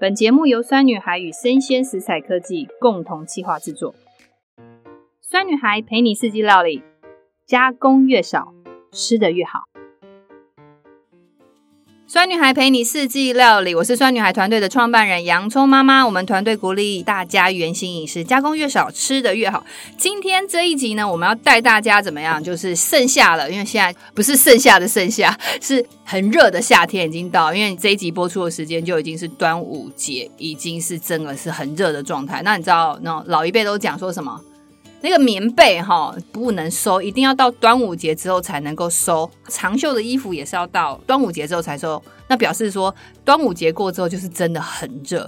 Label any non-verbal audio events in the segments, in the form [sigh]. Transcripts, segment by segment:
本節目由酸女孩與聲鮮時采科技共同企劃製作，酸女孩陪你四季料理，加工越少，吃得越好。酸女孩陪你四季料理，我是酸女孩團隊的創辦人洋蔥媽媽。我們團隊鼓勵大家原型飲食，加工越少，吃得越好。今天這一集呢，我們要帶大家怎麼樣？就是盛夏了，因為現在不是盛夏的盛夏，是很熱的夏天已經到。因為你這一集播出的時間就已經是端午節，已經是真的是很熱的狀態。那你知道，那老一輩都講說什麼？那個棉被，哈、哦、不能收，一定要到端午節之後才能夠收。長袖的衣服也是要到端午節之後才收。那表示說，端午節過之後就是真的很熱，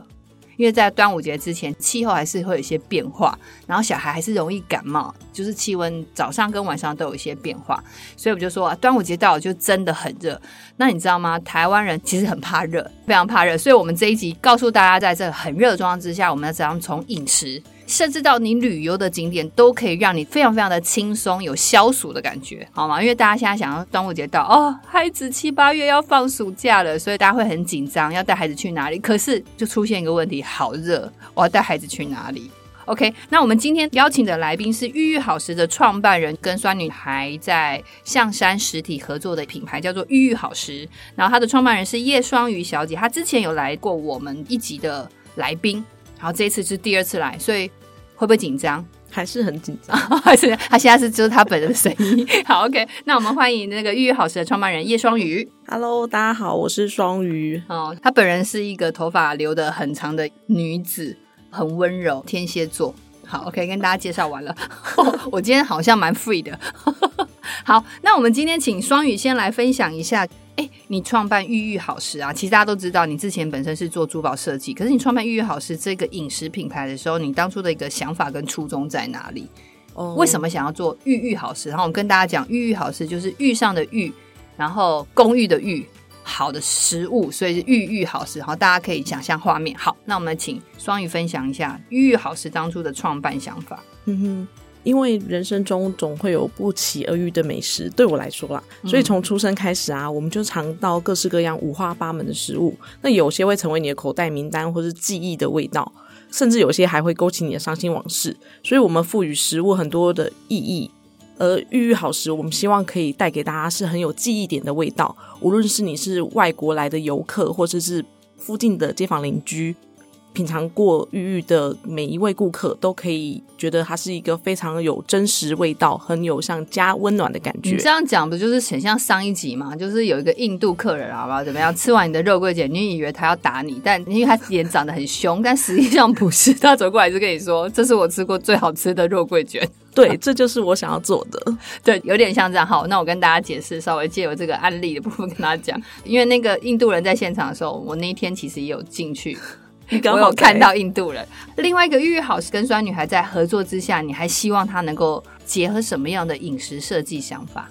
因為在端午節之前氣候還是會有一些變化，然後小孩還是容易感冒，就是氣溫早上跟晚上都有一些變化。所以我就說，端午節到了就真的很熱。那你知道嗎？台灣人其實很怕熱，非常怕熱。所以，我們這一集告訴大家，在這個很熱的狀況之下，我們要怎樣從飲食。甚至到你旅遊的景點，都可以讓你非常非常的輕鬆，有消暑的感覺，好嗎？因為大家現在想要端午節到哦，孩子七八月要放暑假了，所以大家會很緊張，要帶孩子去哪裡？可是就出現一個問題，好熱，我要帶孩子去哪裡？OK，那我們今天邀請的來賓是遇寓好食的創辦人，跟酸女孩在象山實體合作的品牌叫做遇寓好食，然後他的創辦人是葉雙瑜小姐，她之前有來過我們一集的來賓。然後這一次是第二次來，所以會不會緊張？還是很緊張。哦、還是他現在是就是他本人的聲音。 [laughs] 好，OK，那我們歡迎那個遇寓好食的創辦人葉雙瑜。Hello，大家好，我是雙瑜。哦，他本人是一個頭髮留的很長的女子，很溫柔，天蠍座。好，OK，跟大家介紹完了、 [laughs] 哦。我今天好像蠻 free 的。 [laughs] 好，那我們今天請雙瑜先來分享一下，哎，你創辦遇寓好食啊？其實大家都知道，你之前本身是做珠寶設計，可是你創辦遇寓好食這個飲食品牌的時候，你當初的一個想法跟初衷在哪裡？哦，為什麼想要做遇寓好食？然後我跟大家講，遇寓好食就是遇上的遇，然後公寓的寓，好的食物，所以是遇寓好食。好，大家可以想象畫面。好，那我們請雙瑜分享一下遇寓好食當初的創辦想法。嗯哼。因為人生中總會有不期而遇的美食，對我來說啦、嗯，所以從出生開始啊，我們就嘗到各式各樣、五花八門的食物。那有些會成為你的口袋名單，或是記憶的味道，甚至有些還會勾起你的傷心往事。所以，我們賦予食物很多的意義。而遇寓好食，我們希望可以帶給大家是很有記憶點的味道。無論是你是外國來的遊客，或者是，是附近的街坊鄰居。品嘗過遇寓的每一位顧客都可以覺得它是一個非常有真實味道、很有像家溫暖的感覺。你這樣講不就是很像上一集嗎？就是有一個印度客人好不好，好好怎麼樣？吃完你的肉桂卷，你以為他要打你，但因為他臉長得很凶，但實際上不是。他走過來就跟你說：“這是我吃過最好吃的肉桂卷。”對，這就是我想要做的。 [laughs] 對，有點像這樣。好，那我跟大家解釋，稍微借由這個案例的部分跟大家講，因為那個印度人在現場的時候，我那一天其實也有進去。你剛好有看到印度人，另外一個遇寓好食跟酸女孩在合作之下，你還希望她能夠結合什麼樣的飲食設計想法？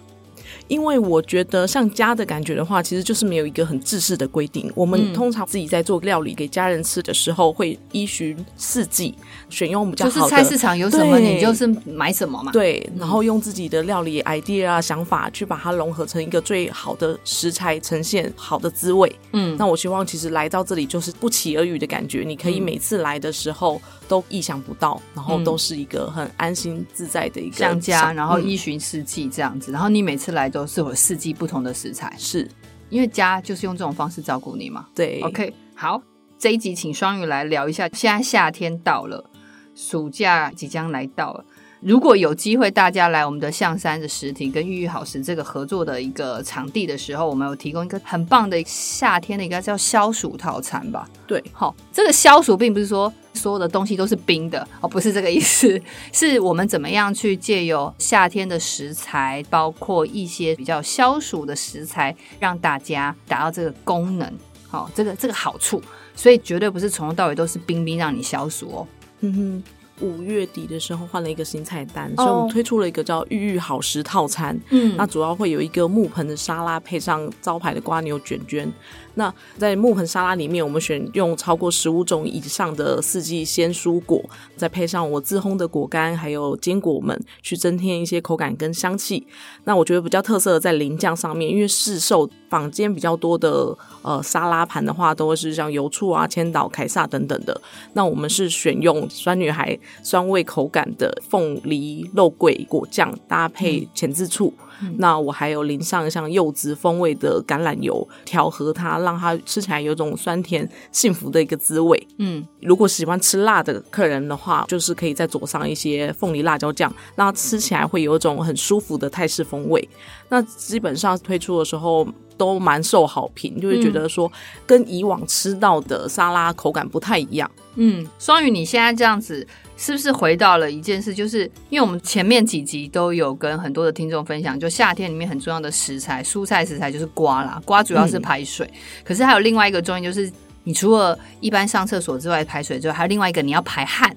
因為我覺得像家的感覺的話，其實就是沒有一個很制式的規定。我們通常自己在做料理給家人吃的時候，嗯、會依循四季，選用我們比較好、就是、菜市場有什麼，你就是買什麼嘛。對，嗯、然後用自己的料理 idea 啊想法去把它融合成一個最好的食材呈現，好的滋味。嗯，那我希望其實來到這裡就是不期而遇的感覺、嗯。你可以每次來的時候都意想不到，嗯、然後都是一個很安心自在的一個像家，然後依循四季這樣子、嗯。然後你每次來都。適合四季不同的食材，是因為家就是用這種方式照顧你嘛？對，OK，好，這一集請雙瑜來聊一下，現在夏天到了，暑假即將來到了。如果有機會，大家來我們的象山的實體跟遇寓好食這個合作的一個場地的時候，我們有提供一個很棒的夏天的應該叫消暑套餐吧。對，好、哦，這個消暑並不是說所有的東西都是冰的哦，不是這個意思，是我們怎麼樣去借由夏天的食材，包括一些比較消暑的食材，讓大家達到這個功能，好、哦，這個這個好處，所以絕對不是從頭到尾都是冰冰讓你消暑哦。哼哼。五月底的時候換了一個新菜單，oh. 所以我們推出了一個叫“遇寓好食”套餐。嗯，那主要會有一個木盆的沙拉，配上招牌的蝸牛捲捲。那在木盆沙拉裡面，我們選用超過十五種以上的四季鮮蔬果，再配上我自烘的果乾，還有堅果們，去增添一些口感跟香氣。那我覺得比較特色的在淋醬上面，因為市售。坊間比較多的呃沙拉盤的話，都會是像油醋啊、千島、凱撒等等的。那我們是選用酸女孩酸味口感的鳳梨肉桂果醬搭配淺漬醋。嗯那我還有淋上像柚子風味的橄欖油，調和它，讓它吃起來有種酸甜幸福的一個滋味。嗯，如果喜歡吃辣的客人的話，就是可以再佐上一些鳳梨辣椒醬，那吃起來會有一種很舒服的泰式風味。嗯、那基本上推出的時候都蠻受好評，就會、是、覺得說跟以往吃到的沙拉口感不太一樣。嗯，雙瑜，你現在這樣子。是不是回到了一件事？就是因為我們前面幾集都有跟很多的聽眾分享，就夏天裡面很重要的食材，蔬菜食材就是瓜啦。瓜主要是排水，嗯、可是還有另外一個作用，就是你除了一般上廁所之外排水之外，還有另外一個你要排汗。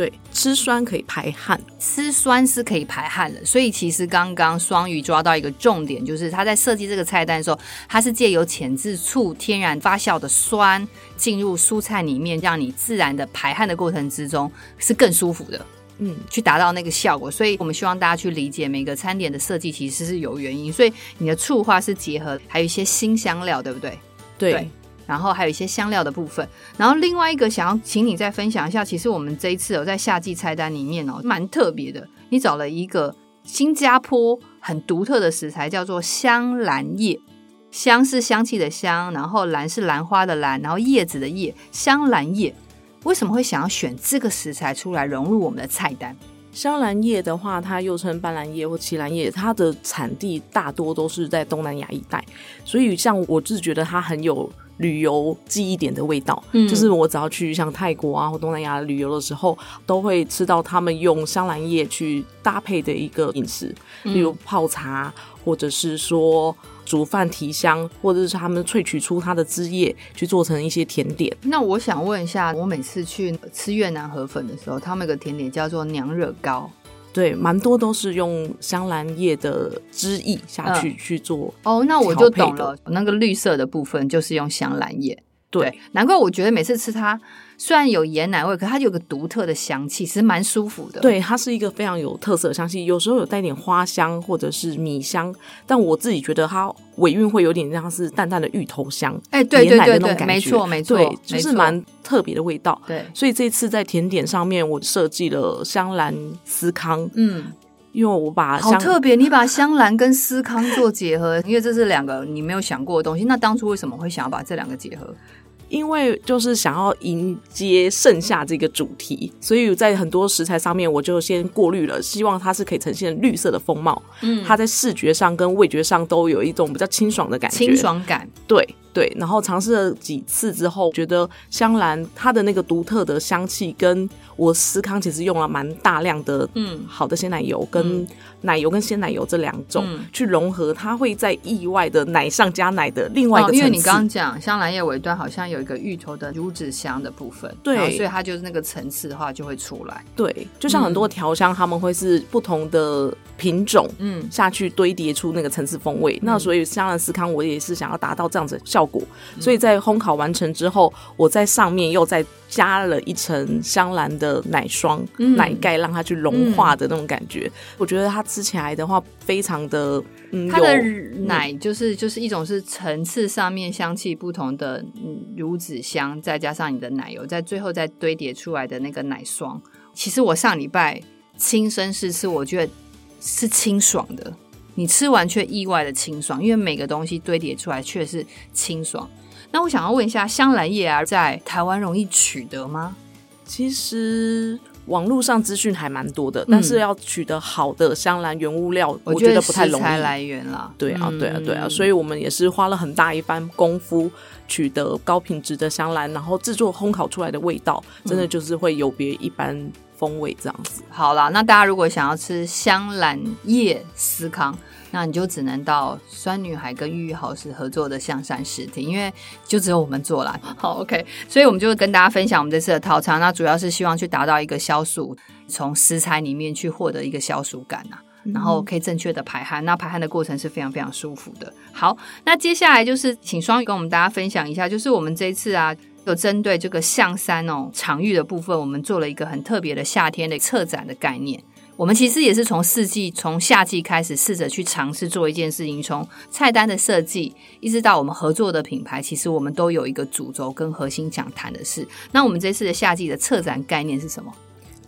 對，吃酸可以排汗，吃酸是可以排汗的。所以其實剛剛雙瑜抓到一個重點，就是他在設計這個菜單的時候，它是借由淺漬醋、天然發酵的酸進入蔬菜裡面，讓你自然的排汗的過程之中是更舒服的。嗯，去達到那個效果。所以我們希望大家去理解每個餐點的設計，其實是有原因。所以你的醋化是結合還有一些辛香料，對不對？對。對。然後還有一些香料的部分，然後另外一個想要請你再分享一下，其實我們這一次有、哦、在夏季菜單裡面哦，蠻特別的。你找了一個新加坡很獨特的食材，叫做香蘭葉。香是香氣的香，然後蘭是蘭花的蘭，然後葉子的葉，香蘭葉。為什麼會想要選這個食材出來融入我們的菜單？香蘭葉的話，它又稱斑蘭葉或奇蘭葉，它的產地大多都是在東南亞一帶，所以像我自覺得它很有。旅遊記憶點的味道、嗯，就是我只要去像泰國啊、或東南亞旅遊的時候，都會吃到他們用香蘭葉去搭配的一個飲食，例、嗯、如泡茶，或者是說煮飯提香，或者是他們萃取出它的汁液去做成一些甜點。那我想問一下，我每次去吃越南河粉的時候，他們有一個甜點叫做娘惹糕。.對，蠻多都是用香蘭葉的汁液下去、嗯、去做。哦、oh，那我就懂了，那個綠色的部分就是用香蘭葉。對，對，難怪我覺得每次吃它，雖然有椰奶味，可是它有個獨特的香氣，其實蠻舒服的。對，它是一個非常有特色的香氣，有時候有帶點花香或者是米香，但我自己覺得它尾韻會有點像是淡淡的芋頭香。哎、欸，對對對對，沒錯沒錯，就是蠻特別的味道。對，所以這次在甜點上面，我設計了香蘭絲康。嗯，因為我把好特別，你把香蘭跟絲康做結合， [laughs] 因為這是兩個你沒有想過的東西。那當初為什麼會想要把這兩個結合？因為就是想要迎接盛夏這個主題，所以在很多食材上面我就先過濾了，希望它是可以呈現綠色的風貌。嗯，它在視覺上跟味覺上都有一種比較清爽的感覺，清爽感，對。對，然後嘗試了幾次之後，覺得香蘭它的那個獨特的香氣，跟我思康其實用了蠻大量的，嗯，好的鮮奶油跟奶油跟鮮奶油這兩種去融合，它會在意外的奶上加奶的另外一個層次、哦，因為你剛剛講香蘭葉尾端好像有一個芋頭的油脂香的部分，對，所以它就是那個層次的話就會出來。對，就像很多調香他、嗯、們會是不同的品種，嗯，下去堆疊出那個層次風味。嗯、那所以香蘭思康我也是想要達到這樣子效果。嗯、所以在烘烤完成之後，我在上面又再加了一層香蘭的奶霜，嗯、奶蓋，讓它去融化的那種感覺。嗯、我覺得它吃起來的話，非常的有，嗯、奶，就是就是一種是層次上面香氣不同的、嗯、乳脂香，再加上你的奶油，在最後再堆疊出來的那個奶霜。其實我上禮拜親身試吃，我覺得是清爽的。你吃完卻意外的清爽，因為每個東西堆疊出來卻是清爽。那我想要問一下，香蘭葉啊，在台灣容易取得嗎？其實網絡上資訊還蠻多的，但是要取得好的香蘭原物料，嗯我，我覺得不太容易。來源啦，對啊，對啊，對啊，所以我們也是花了很大一番功夫取得高品質的香蘭，然後製作烘烤出來的味道，真的就是會有別一般風味這樣子。嗯、好啦，那大家如果想要吃香蘭葉司康，那你就只能到酸女孩跟遇寓好食合作的象山實體，因為就只有我們做了。好，OK，所以我們就跟大家分享我們這次的套餐。那主要是希望去達到一個消暑，從食材裡面去獲得一個消暑感啊，然後可以正確的排汗。嗯、那排汗的過程是非常非常舒服的。好，那接下來就是請雙瑜跟我們大家分享一下，就是我們這一次啊，有針對這個象山哦，場域的部分，我們做了一個很特別的夏天的策展的概念。我們其實也是從四季，從夏季開始試着去嘗試做一件事情，從菜單的設計，一直到我們合作的品牌，其實我們都有一個主軸跟核心講談的事。那我們這次的夏季的策展概念是什麼？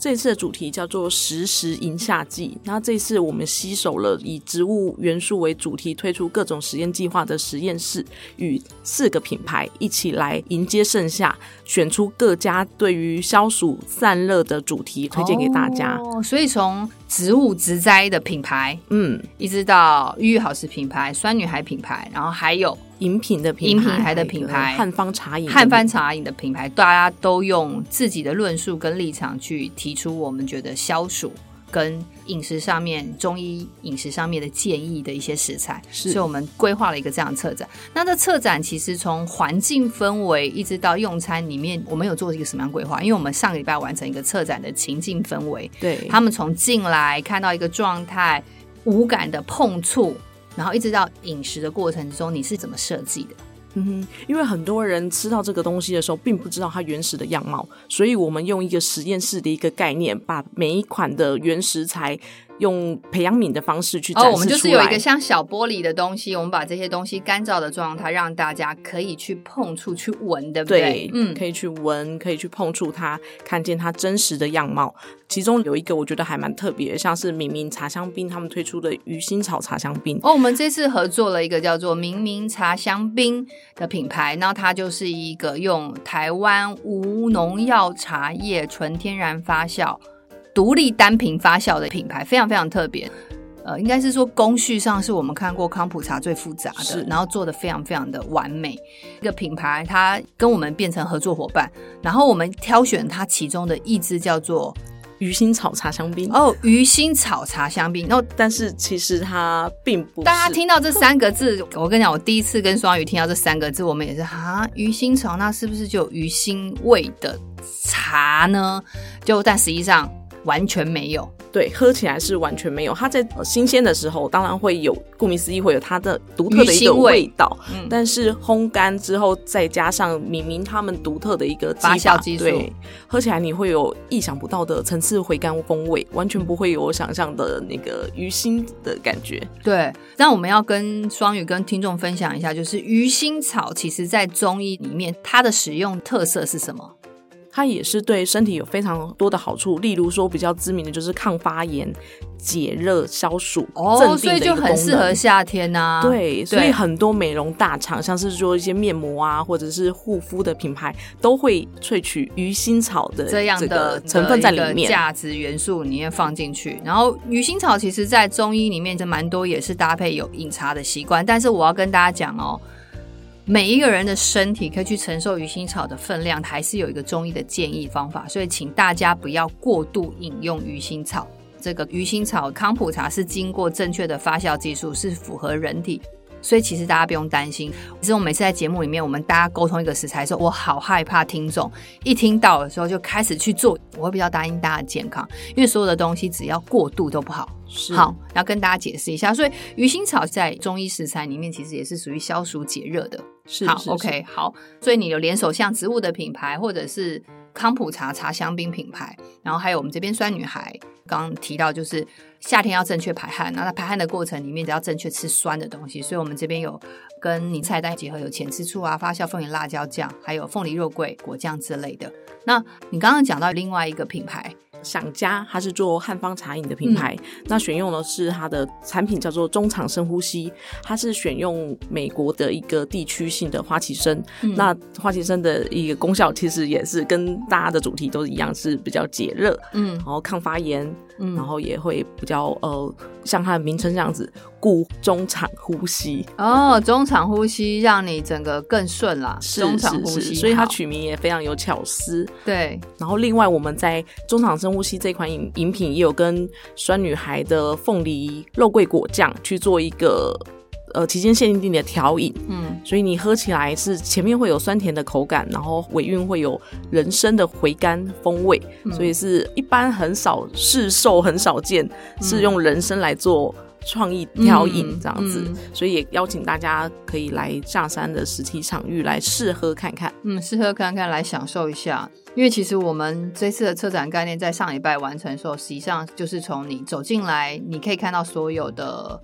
這一次的主題叫做“時時迎夏季”。那這次我們攜手了以植物元素為主題，推出各種實驗計劃的實驗室，與四個品牌一起來迎接盛夏，選出各家對於消暑散熱的主題推薦給大家。哦，所以從植物植栽的品牌，嗯，一直到遇寓好食品牌、酸女孩品牌，然後還有。飲品的品牌，品牌，的品牌漢方茶飲，漢方茶飲的品牌，大家都用自己的論述跟立場去提出我們覺得消暑跟飲食上面，中醫飲食上面的建議的一些食材，是，所以我們規劃了一個這樣策展。那這策展其實從環境氛圍一直到用餐裡面，我們有做一個什麼樣規劃？因為我們上個禮拜完成一個策展的情境氛圍，對，他們從進來看到一個狀態，五感的碰觸。然後一直到飲食的過程中，你是怎麼設計的？嗯哼，因為很多人吃到這個東西的時候，並不知道它原始的樣貌，所以我們用一個實驗室的一個概念，把每一款的原食材。用培養皿的方式去展示出來哦，我們就是有一個像小玻璃的東西，我們把這些東西乾燥的狀態，讓大家可以去碰觸、去聞的，對不對？對，嗯，可以去聞，可以去碰觸它，看見它真實的樣貌。其中有一個我覺得還蠻特別的，像是明明茶香檳他們推出的魚腥草茶香檳。哦，我們這次合作了一個叫做明明茶香檳的品牌，那它就是一個用台灣無農藥茶葉、純天然發酵。獨立單瓶發酵的品牌非常非常特別，呃，應該是說工序上是我們看過康普茶最複雜的，是，然後做得非常非常的完美。一個品牌，它跟我們變成合作夥伴，然後我們挑選它其中的一支叫做魚腥草茶香檳。哦，魚腥草茶香檳，然後但是其實它並不是。大家聽到這三個字，我跟你講，我第一次跟雙魚聽到這三個字，我們也是哈、啊、魚腥草，那是不是就有魚腥味的茶呢？就但實際上。完全沒有，對，喝起來是完全沒有。它在、呃、新鮮的時候，當然會有，顧名思義會有它的獨特的一個味道。味，嗯，但是烘乾之後，再加上明明它們獨特的一個發酵技術，對，喝起來你會有意想不到的層次回甘風味，完全不會有我想象的那個魚腥的感覺。對，那我們要跟雙瑜跟聽眾分享一下，就是魚腥草其實在中醫裡面它的使用特色是什麼？它也是對身體有非常多的好處，例如說比較知名的就是抗發炎、解熱、消暑哦，所以就很適合夏天呢、啊。對，所以很多美容大廠，像是說一些面膜啊，或者是護膚的品牌，都會萃取魚腥草的這樣的成分在裡面，這樣的的一個價值元素裡面放進去。然後魚腥草其實在中醫裡面，就蠻多也是搭配有飲茶的習慣。但是我要跟大家講哦。每一個人的身體可以去承受魚腥草的分量，還是有一個中醫的建議方法，所以請大家不要過度飲用魚腥草。這個魚腥草康普茶是經過正確的發酵技術，是符合人體。所以其實大家不用擔心，其實我們每次在節目裡面，我們大家溝通一個食材的時候，我好害怕聽眾一聽到的時候就開始去做，我會比較擔心大家的健康，因為所有的東西只要過度都不好。好，然後跟大家解釋一下，所以魚腥草在中醫食材裡面其實也是屬於消暑解熱的。是好是是是，OK，好，所以你有聯手像植物的品牌，或者是康普茶茶香檳品牌，然後還有我們這邊酸女孩。剛剛提到就是夏天要正確排汗，那排汗的過程裡面，只要正確吃酸的東西，所以我們這邊有跟你菜單結合，有前吃醋啊、發酵鳳梨辣椒醬，還有鳳梨肉桂果醬之類的。那你剛剛講到另外一個品牌。想家，它是做漢方茶飲的品牌，嗯，那選用的是它的產品叫做中場深呼吸，它是選用美國的一個地區性的花旗參，嗯，那花旗參的一個功效其實也是跟大家的主題都一樣，是比較解熱，嗯，然後抗發炎。嗯，然後也會比較呃，像它的名稱這樣子，顧中場呼吸哦，中場呼吸讓你整個更順啦，是中場呼吸，所以它取名也非常有巧思。對，然後另外我們在中場深呼吸這款飲飲品也有跟酸女孩的鳳梨肉桂果醬去做一個。呃，期間限定的調飲，嗯，所以你喝起來是前面會有酸甜的口感，然後尾韻會有人參的回甘風味，嗯，所以是一般很少市售，很少見，嗯，是用人參來做創意調飲這樣子，嗯嗯嗯，所以也邀請大家可以來象山的實體場域來試喝看看，嗯，試喝看看來享受一下，因為其實我們這次的策展概念在上禮拜完成的時候，實際上就是從你走進來，你可以看到所有的。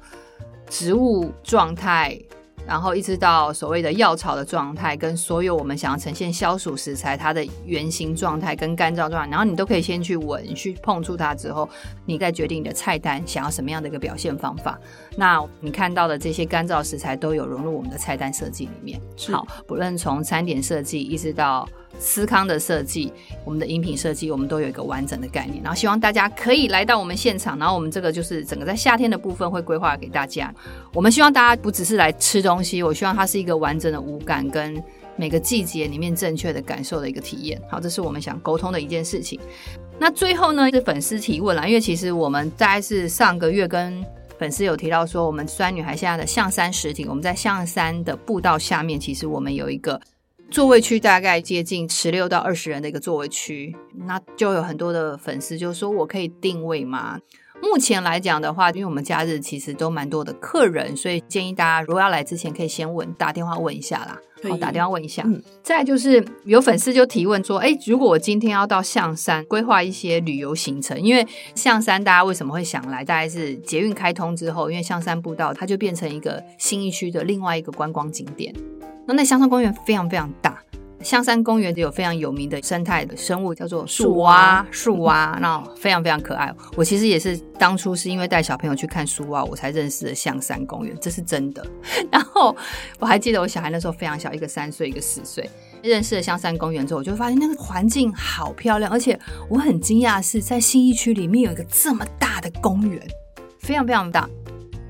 植物狀態，然後一直到所謂的藥草的狀態，跟所有我們想要呈現消暑食材，它的原型狀態跟乾燥狀態，然後你都可以先去聞，去碰觸它之後，你再決定你的菜單想要什麼樣的一個表現方法。那你看到的這些乾燥食材都有融入我們的菜單設計裡面，好，不論從餐點設計一直到，司康的設計，我們的飲品設計，我們都有一個完整的概念。然後希望大家可以來到我們現場。然後我們這個就是整個在夏天的部分會規劃給大家。我們希望大家不只是來吃東西，我希望它是一個完整的五感跟每個季節裡面正確的感受的一個體驗。好，這是我們想溝通的一件事情。那最後呢，是粉絲提問了，因為其實我們大概是上個月跟粉絲有提到說，我們酸女孩現在的象山實體，我們在象山的步道下面，其實我們有一個。座位區大概接近十六到二十人的一個座位區，那就有很多的粉絲就說，我可以訂位嗎？目前來講的話，因為我們假日其實都蠻多的客人，所以建議大家如果要來之前可以先問打電話問一下啦。好，打電話問一下。嗯、再就是有粉絲就提問說，哎、欸，如果我今天要到象山規劃一些旅遊行程，因為象山大家為什麼會想來？大概是捷運開通之後，因為象山步道它就變成一個信義區的另外一個觀光景點。那象山公園非常非常大，象山公園有非常有名的生態的生物，叫做樹蛙，樹蛙，蛙 [laughs] 那非常非常可愛。我其實也是當初是因為帶小朋友去看樹蛙，我才認識了象山公園，這是真的。 [laughs] 然後我還記得我小孩那時候非常小，一個三歲，一個四歲，認識了象山公園之後，我就發現那個環境好漂亮，而且我很驚訝的是，在信義區裡面有一個這麼大的公園，非常非常大，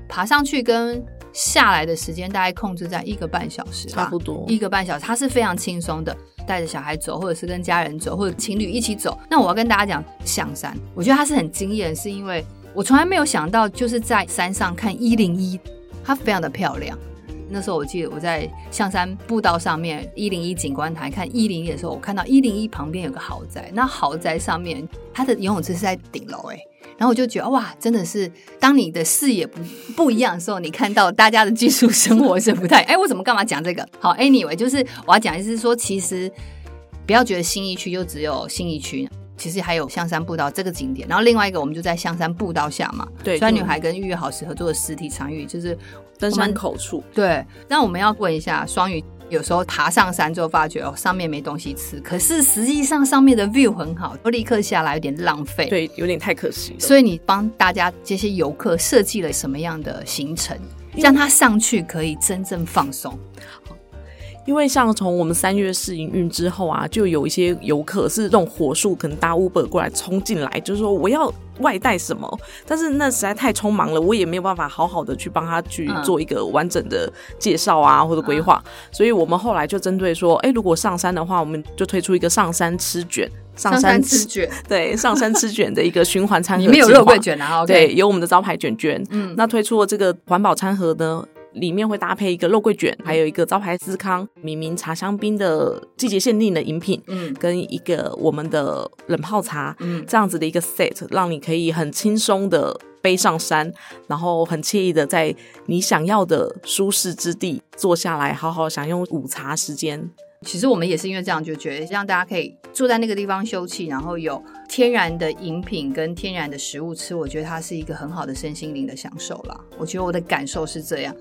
爬上去跟。下來的時間大概控制在一個半小時吧，差不多一個半小時，它是非常輕鬆的，帶着小孩走，或者是跟家人走，或者情侶一起走。那我要跟大家講象山，我覺得它是很驚艷，是因為我從來沒有想到，就是在山上看一零一，它非常的漂亮。那時候我記得我在象山步道上面一零一景觀台看一零一的時候，我看到一零一旁邊有個豪宅，那豪宅上面它的游泳池是在頂樓，哎。然後我就覺得哇，真的是當你的視野不不一樣的時候，你看到大家的技術生活是不太……哎，我怎麼幹嘛講這個？好，anyway，就是我要講，就是說其實不要覺得信義區就只有信義區，其實還有象山步道這個景點。然後另外一個我們就在象山步道下嘛，對，酸女孩跟遇寓好食合作的實體場域就是登山口處。對，那我們要問一下雙瑜。有時候爬上山就發覺哦，上面沒東西吃，可是實際上上面的 view 很好，我立刻下來有點浪費，對，有點太可惜。所以你幫大家這些遊客設計了什麼樣的行程，讓他上去可以真正放鬆？因為像從我們三月試營運之後啊，就有一些遊客是這種火速，可能搭 Uber 過來衝進來，就是說我要外帶什麼，但是那實在太匆忙了，我也沒有辦法好好的去幫他去做一個完整的介紹啊、嗯、或者規劃、嗯，所以我們後來就針對說，哎、欸，如果上山的話，我們就推出一個上山吃卷，上山吃卷，吃卷 [laughs] 對，上山吃卷的一個循環餐盒，裡面有肉桂卷啊、okay，對，有我們的招牌卷卷，嗯，那推出了這個環保餐盒呢。裡面會搭配一個肉桂捲，還有一個招牌司康、明明茶香檳的季節限定的飲品，嗯，跟一個我們的冷泡茶，嗯，這樣子的一個 set，讓你可以很輕鬆的背上山，然後很愜意的在你想要的舒適之地坐下來，好好享用午茶時間。其實我們也是因為這樣，就覺得讓大家可以坐在那個地方休息，然後有。天然的飲品跟天然的食物吃，我覺得它是一個很好的身心靈的享受啦。我覺得我的感受是這樣。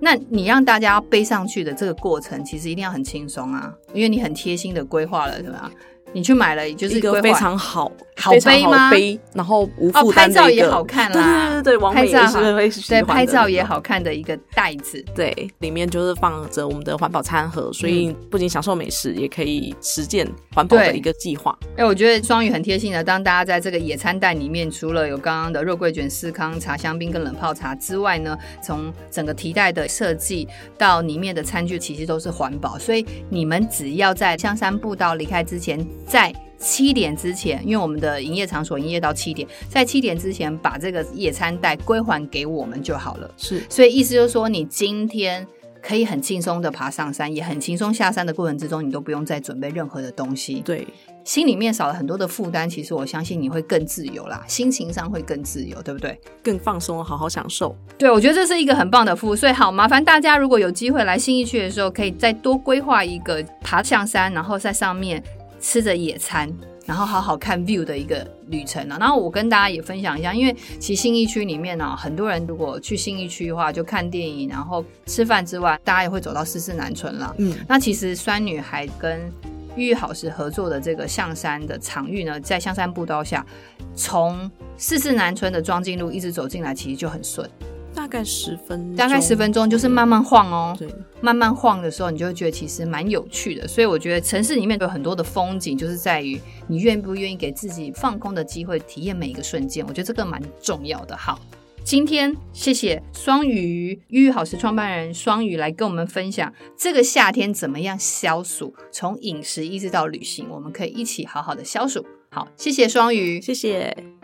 那你讓大家背上去的這個過程，其實一定要很輕鬆啊，因為你很貼心的規劃了，對吧？嗯你去買了，也就是一個非常好、好，好杯飛飛嗎？杯，然後無負擔啊、哦，拍照也好看啦！ [laughs] 對，對,對王。對對，拍照對拍照也好看的一個袋子，對，裡面就是放着我們的環保餐盒，嗯、所以不僅享受美食，也可以實踐環保的一個計劃。哎、欸，我覺得雙瑜很貼心的，當大家在這個野餐袋裡面，除了有剛剛的肉桂捲、司康茶、香檳跟冷泡茶之外呢，從整個提袋的設計到裡面的餐具，其實都是環保，所以你們只要在象山步道離開之前。在七點之前。因為我們的營業場所營業到七點，在七點之前把這個野餐袋歸還給我們就好了。是，所以意思就是說，你今天可以很輕鬆的爬上山，也很輕鬆下山的過程之中，你都不用再準備任何的東西。對，心裡面少了很多的負擔。其實我相信你會更自由啦，心情上會更自由，對不對？更放鬆，好好享受。對，我覺得這是一個很棒的服務。所以好，好麻煩大家，如果有機會來信義區的時候，可以再多規劃一個爬象山，然後在上面。吃着野餐，然後好好看 view 的一個旅程。啊、然後我跟大家也分享一下，因為其實信義區裡面呢、啊，很多人如果去信義區的話，就看電影，然後吃飯之外，大家也會走到四四南村了。嗯，那其實酸女孩跟遇寓好食合作的這個象山的場域呢，在象山步道下，從四四南村的莊敬路一直走進來，其實就很順。大概十分鐘，大概十分鐘，就是慢慢晃哦。對，對慢慢晃的時候，你就會覺得其實蠻有趣的。所以我覺得城市裡面有很多的風景，就是在於你願不願意給自己放空的機會，體驗每一個瞬間。我覺得這個蠻重要的。好，今天謝謝雙瑜，遇寓好食創辦人雙瑜來跟我們分享這個夏天怎麼樣消暑，從飲食一直到旅行，我們可以一起好好的消暑。好，謝謝雙瑜，謝謝。